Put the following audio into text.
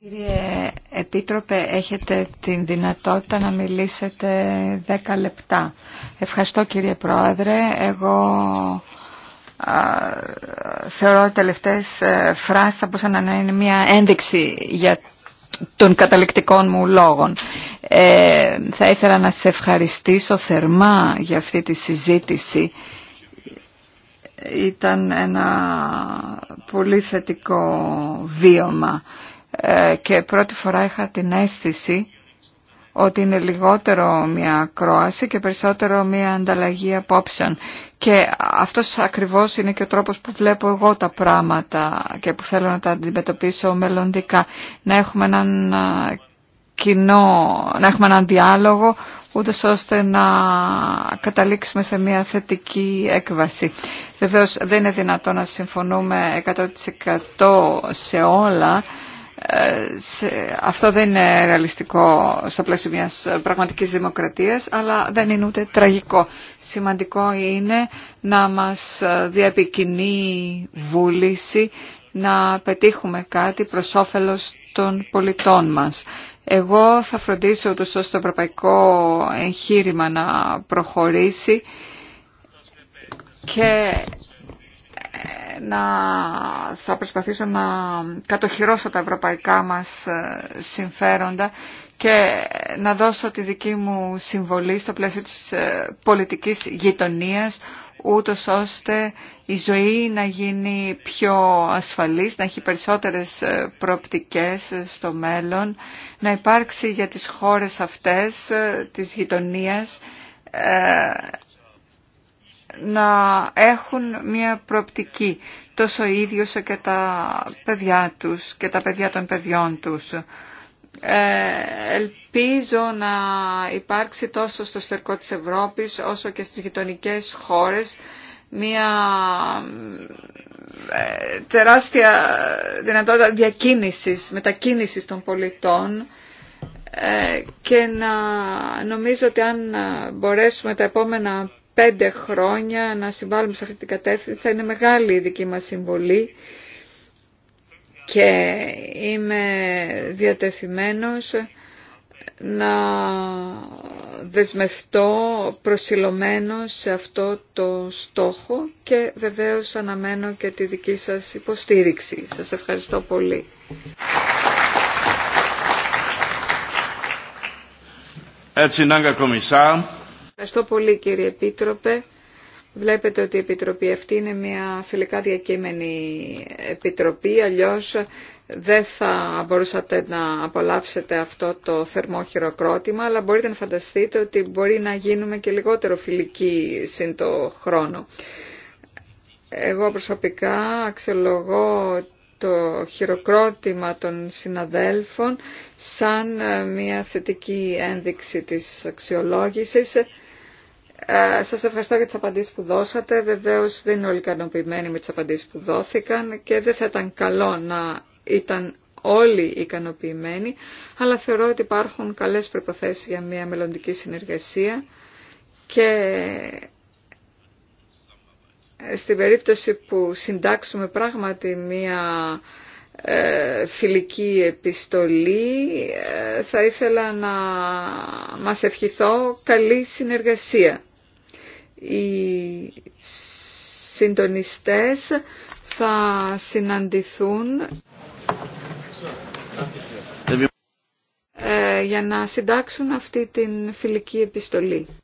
Κύριε Επίτροπε, έχετε την δυνατότητα να μιλήσετε 10 λεπτά. Ευχαριστώ κύριε Πρόεδρε. Εγώ θεωρώ ότι τελευταίες ε, θα μπορούσαν να είναι μια ένδειξη για των καταληκτικών μου λόγων. Ε, θα ήθελα να σε ευχαριστήσω θερμά για αυτή τη συζήτηση. Ήταν ένα πολύ θετικό βίωμα ε, και πρώτη φορά είχα την αίσθηση ότι είναι λιγότερο μια κρόαση και περισσότερο μια ανταλλαγή απόψεων. Και αυτός ακριβώς είναι και ο τρόπος που βλέπω εγώ τα πράγματα και που θέλω να τα αντιμετωπίσω μελλοντικά. Να έχουμε έναν κοινό, να έχουμε έναν διάλογο, ούτε ώστε να καταλήξουμε σε μια θετική έκβαση. Βεβαίω δεν είναι δυνατό να συμφωνούμε 100% σε όλα. Ε, αυτό δεν είναι ρεαλιστικό στο πλαίσιο μιας πραγματικής δημοκρατίας, αλλά δεν είναι ούτε τραγικό. Σημαντικό είναι να μας διαπικινεί βούληση να πετύχουμε κάτι προς όφελος των πολιτών μας. Εγώ θα φροντίσω το ώστε το ευρωπαϊκό εγχείρημα να προχωρήσει και ε, να θα προσπαθήσω να κατοχυρώσω τα ευρωπαϊκά μας ε, συμφέροντα και ε, να δώσω τη δική μου συμβολή στο πλαίσιο της πολιτικής γειτονίας ούτως ώστε η ζωή να γίνει πιο ασφαλής, να έχει περισσότερες ε, προοπτικές ε, στο μέλλον, να υπάρξει για τις χώρες αυτές ε, της γειτονία, να έχουν μια προοπτική τόσο ίδιος και τα παιδιά τους και τα παιδιά των παιδιών τους. Ε, ελπίζω να υπάρξει τόσο στο στερκό της Ευρώπης όσο και στις γειτονικέ χώρες μια ε, τεράστια δυνατότητα διακίνησης, μετακίνησης των πολιτών ε, και να νομίζω ότι αν μπορέσουμε τα επόμενα πέντε χρόνια να συμβάλλουμε σε αυτή την κατεύθυνση θα είναι μεγάλη η δική μας συμβολή και είμαι διατεθειμένος να δεσμευτώ προσιλωμένο σε αυτό το στόχο και βεβαίως αναμένω και τη δική σας υποστήριξη. Σας ευχαριστώ πολύ. Ευχαριστώ πολύ κύριε Επίτροπε. Βλέπετε ότι η Επιτροπή αυτή είναι μια φιλικά διακείμενη Επιτροπή, αλλιώς δεν θα μπορούσατε να απολαύσετε αυτό το θερμό χειροκρότημα, αλλά μπορείτε να φανταστείτε ότι μπορεί να γίνουμε και λιγότερο φιλικοί συν το χρόνο. Εγώ προσωπικά αξιολογώ το χειροκρότημα των συναδέλφων σαν μια θετική ένδειξη της αξιολόγησης ε, σας ευχαριστώ για τις απαντήσεις που δώσατε. Βεβαίως δεν είναι όλοι ικανοποιημένοι με τις απαντήσεις που δόθηκαν και δεν θα ήταν καλό να ήταν όλοι ικανοποιημένοι, αλλά θεωρώ ότι υπάρχουν καλές προϋποθέσεις για μια μελλοντική συνεργασία και στην περίπτωση που συντάξουμε πράγματι μια ε, φιλική επιστολή ε, θα ήθελα να μας ευχηθώ καλή συνεργασία οι συντονιστές θα συναντηθούν ε, για να συντάξουν αυτή την φιλική επιστολή.